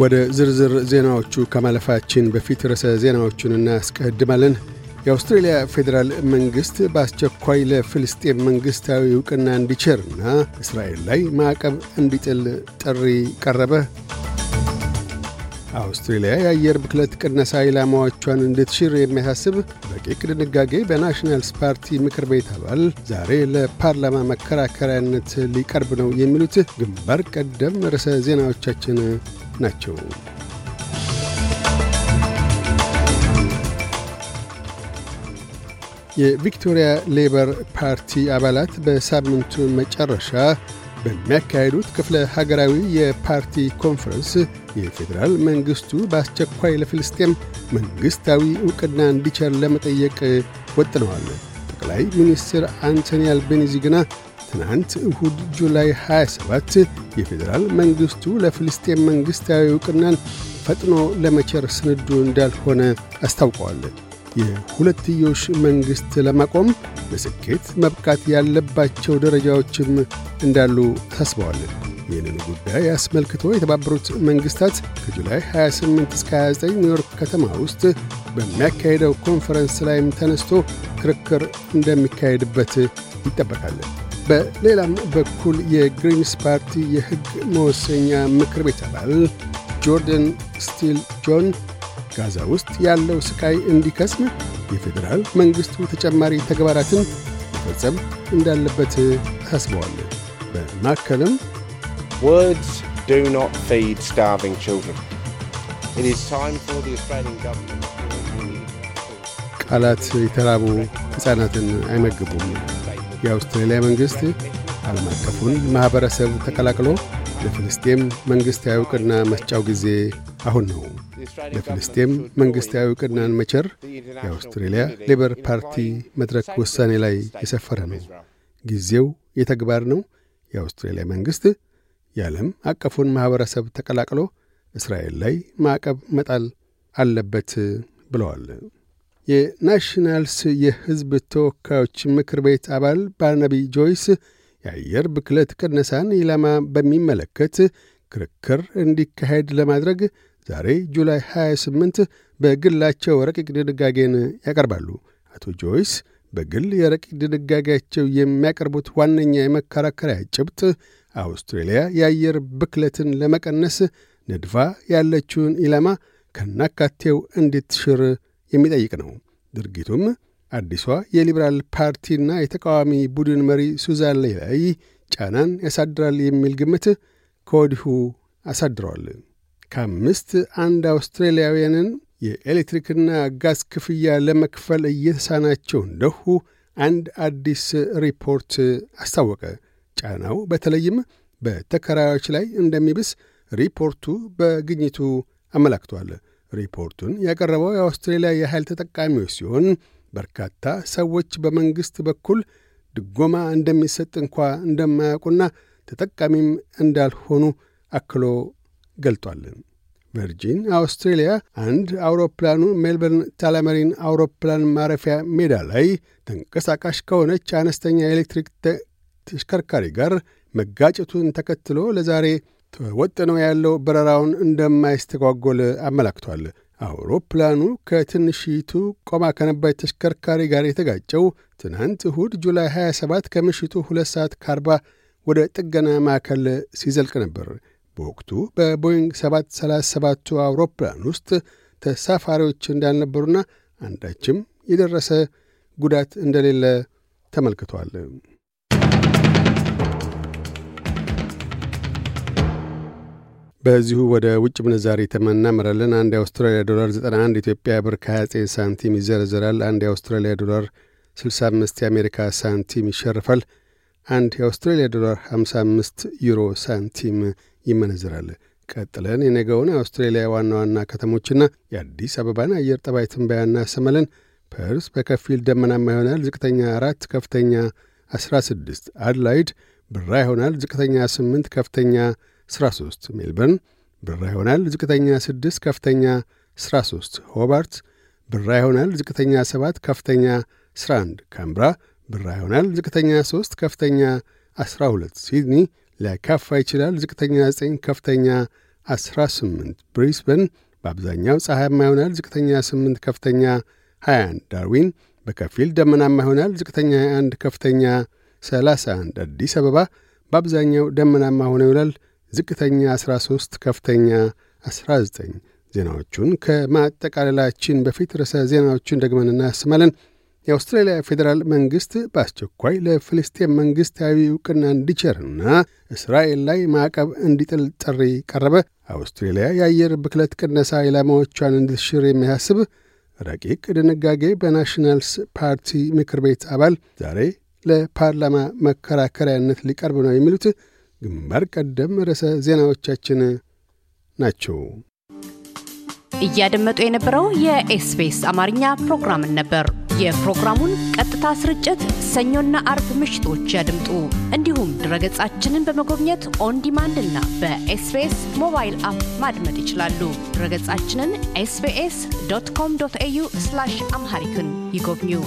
ወደ ዝርዝር ዜናዎቹ ከማለፋችን በፊት ርዕሰ ዜናዎቹን እናስቀድማለን። የአውስትሬልያ ፌዴራል መንግሥት በአስቸኳይ ለፍልስጤም መንግሥታዊ ዕውቅና እንዲቸርና እስራኤል ላይ ማዕቀብ እንዲጥል ጥሪ ቀረበ። አውስትሬልያ የአየር ብክለት ቅነሳ ኢላማዎቿን እንድትሽር የሚያሳስብ ረቂቅ ድንጋጌ በናሽናልስ ፓርቲ ምክር ቤት አባል ዛሬ ለፓርላማ መከራከሪያነት ሊቀርብ ነው። የሚሉት ግንባር ቀደም ርዕሰ ዜናዎቻችን ናቸው። የቪክቶሪያ ሌበር ፓርቲ አባላት በሳምንቱ መጨረሻ በሚያካሄዱት ክፍለ ሀገራዊ የፓርቲ ኮንፈረንስ የፌዴራል መንግሥቱ በአስቸኳይ ለፍልስጤም መንግሥታዊ ዕውቅና እንዲቸር ለመጠየቅ ወጥነዋል። ጠቅላይ ሚኒስትር አንቶኒ አልቤኒዚ ግና ትናንት እሁድ ጁላይ 27 የፌዴራል መንግሥቱ ለፍልስጤም መንግሥታዊ ዕውቅናን ፈጥኖ ለመቸር ስንዱ እንዳልሆነ አስታውቀዋል። የሁለትዮሽ መንግሥት ለማቆም በስኬት መብቃት ያለባቸው ደረጃዎችም እንዳሉ ታስበዋል። ይህንን ጉዳይ አስመልክቶ የተባበሩት መንግሥታት ከጁላይ 28 እስከ 29 ኒውዮርክ ከተማ ውስጥ በሚያካሄደው ኮንፈረንስ ላይም ተነስቶ ክርክር እንደሚካሄድበት ይጠበቃል። በሌላም በኩል የግሪንስ ፓርቲ የሕግ መወሰኛ ምክር ቤት አባል ጆርደን ስቲል ጆን ጋዛ ውስጥ ያለው ስቃይ እንዲከስም የፌዴራል መንግሥቱ ተጨማሪ ተግባራትን መፈጸም እንዳለበት አሳስበዋል። በማከልም ቃላት የተራቡ ሕፃናትን አይመግቡም። የአውስትሬልያ መንግሥት ዓለም አቀፉን ማኅበረሰብ ተቀላቅሎ ለፍልስጤም መንግሥታዊ ዕውቅና መስጫው ጊዜ አሁን ነው። ለፍልስጤም መንግሥታዊ ዕውቅናን መቸር የአውስትሬልያ ሌበር ፓርቲ መድረክ ውሳኔ ላይ የሰፈረ ነው። ጊዜው የተግባር ነው። የአውስትሬልያ መንግሥት የዓለም አቀፉን ማኅበረሰብ ተቀላቅሎ እስራኤል ላይ ማዕቀብ መጣል አለበት ብለዋል። የናሽናልስ የሕዝብ ተወካዮች ምክር ቤት አባል ባርናቢ ጆይስ የአየር ብክለት ቅነሳን ኢላማ በሚመለከት ክርክር እንዲካሄድ ለማድረግ ዛሬ ጁላይ 28 በግላቸው ረቂቅ ድንጋጌን ያቀርባሉ። አቶ ጆይስ በግል የረቂቅ ድንጋጌያቸው የሚያቀርቡት ዋነኛ የመከራከሪያ ጭብጥ አውስትሬልያ የአየር ብክለትን ለመቀነስ ነድፋ ያለችውን ኢላማ ከናካቴው እንድትሽር የሚጠይቅ ነው። ድርጊቱም አዲሷ የሊበራል ፓርቲና የተቃዋሚ ቡድን መሪ ሱዛን ሌይ ላይ ጫናን ያሳድራል የሚል ግምት ከወዲሁ አሳድረዋል። ከአምስት አንድ አውስትራሊያውያንን የኤሌክትሪክና ጋዝ ክፍያ ለመክፈል እየተሳናቸው እንደሁ አንድ አዲስ ሪፖርት አስታወቀ። ጫናው በተለይም በተከራዮች ላይ እንደሚብስ ሪፖርቱ በግኝቱ አመላክቷል። ሪፖርቱን ያቀረበው የአውስትሬልያ የኃይል ተጠቃሚዎች ሲሆን በርካታ ሰዎች በመንግሥት በኩል ድጎማ እንደሚሰጥ እንኳ እንደማያውቁና ተጠቃሚም እንዳልሆኑ አክሎ ገልጧል። ቨርጂን አውስትሬልያ አንድ አውሮፕላኑ ሜልበርን ታላመሪን አውሮፕላን ማረፊያ ሜዳ ላይ ተንቀሳቃሽ ከሆነች አነስተኛ የኤሌክትሪክ ተሽከርካሪ ጋር መጋጨቱን ተከትሎ ለዛሬ ተወጥ ነው ያለው በረራውን እንደማይስተጓጎል አመላክቷል። አውሮፕላኑ ከትንሽቱ ቆማ ከነባች ተሽከርካሪ ጋር የተጋጨው ትናንት እሁድ ጁላይ 27 ከምሽቱ 2 ሰዓት ካርባ ወደ ጥገና ማዕከል ሲዘልቅ ነበር። በወቅቱ በቦይንግ 737ቱ አውሮፕላን ውስጥ ተሳፋሪዎች እንዳልነበሩና አንዳችም የደረሰ ጉዳት እንደሌለ ተመልክቷል። በዚሁ ወደ ውጭ ምንዛሪ ተመን አንድ የአውስትራሊያ ዶላር 91 ኢትዮጵያ ብር ከ29 ሳንቲም ይዘረዘራል። አንድ የአውስትራሊያ ዶላር 65 የአሜሪካ ሳንቲም ይሸርፋል። አንድ የአውስትራሊያ ዶላር 55 ዩሮ ሳንቲም ይመነዝራል። ቀጥለን የነገውን የአውስትሬሊያ ዋና ዋና ከተሞችና የአዲስ አበባን አየር ጠባይ ትንበያ እናሰማለን። ፐርስ በከፊል ደመናማ ይሆናል። ዝቅተኛ አራት ከፍተኛ 16። አድላይድ ብራ ይሆናል። ዝቅተኛ 8 ከፍተኛ 13 ሜልበርን ብራ ይሆናል። ዝቅተኛ 6 ከፍተኛ 13 ሆባርት ብራ ይሆናል። ዝቅተኛ 7 ከፍተኛ 11 ካምብራ ብራ ይሆናል። ዝቅተኛ 3 ከፍተኛ 12 ሲድኒ ሊያካፋ ይችላል። ዝቅተኛ 9 ከፍተኛ 18 ብሪስበን በአብዛኛው ፀሐያማ ይሆናል። ዝቅተኛ 8 ከፍተኛ 21 ዳርዊን በከፊል ደመናማ ይሆናል። ዝቅተኛ 21 ከፍተኛ 31 አዲስ አበባ በአብዛኛው ደመናማ ሆኖ ይውላል። ዝቅተኛ 13 ከፍተኛ 19 ዜናዎቹን ከማጠቃለላችን በፊት ርዕሰ ዜናዎቹን ደግመን እናሰማለን። የአውስትራሊያ ፌዴራል መንግሥት በአስቸኳይ ለፍልስጤም መንግሥታዊ ዕውቅና እንዲቸርና እስራኤል ላይ ማዕቀብ እንዲጥል ጥሪ ቀረበ። አውስትሬልያ የአየር ብክለት ቅነሳ ኢላማዎቿን እንድትሽር የሚያስብ ረቂቅ ድንጋጌ በናሽናልስ ፓርቲ ምክር ቤት አባል ዛሬ ለፓርላማ መከራከሪያነት ሊቀርብ ነው። የሚሉት ግንባር ቀደም ርዕሰ ዜናዎቻችን ናቸው። እያደመጡ የነበረው የኤስቢኤስ አማርኛ ፕሮግራምን ነበር። የፕሮግራሙን ቀጥታ ስርጭት ሰኞና አርብ ምሽቶች ያድምጡ። እንዲሁም ድረገጻችንን በመጎብኘት ኦንዲማንድ እና በኤስቢኤስ ሞባይል አፕ ማድመጥ ይችላሉ። ድረገጻችንን ኤስቢኤስ ዶት ኮም ዶት ኤዩ አምሃሪክን ይጎብኙ።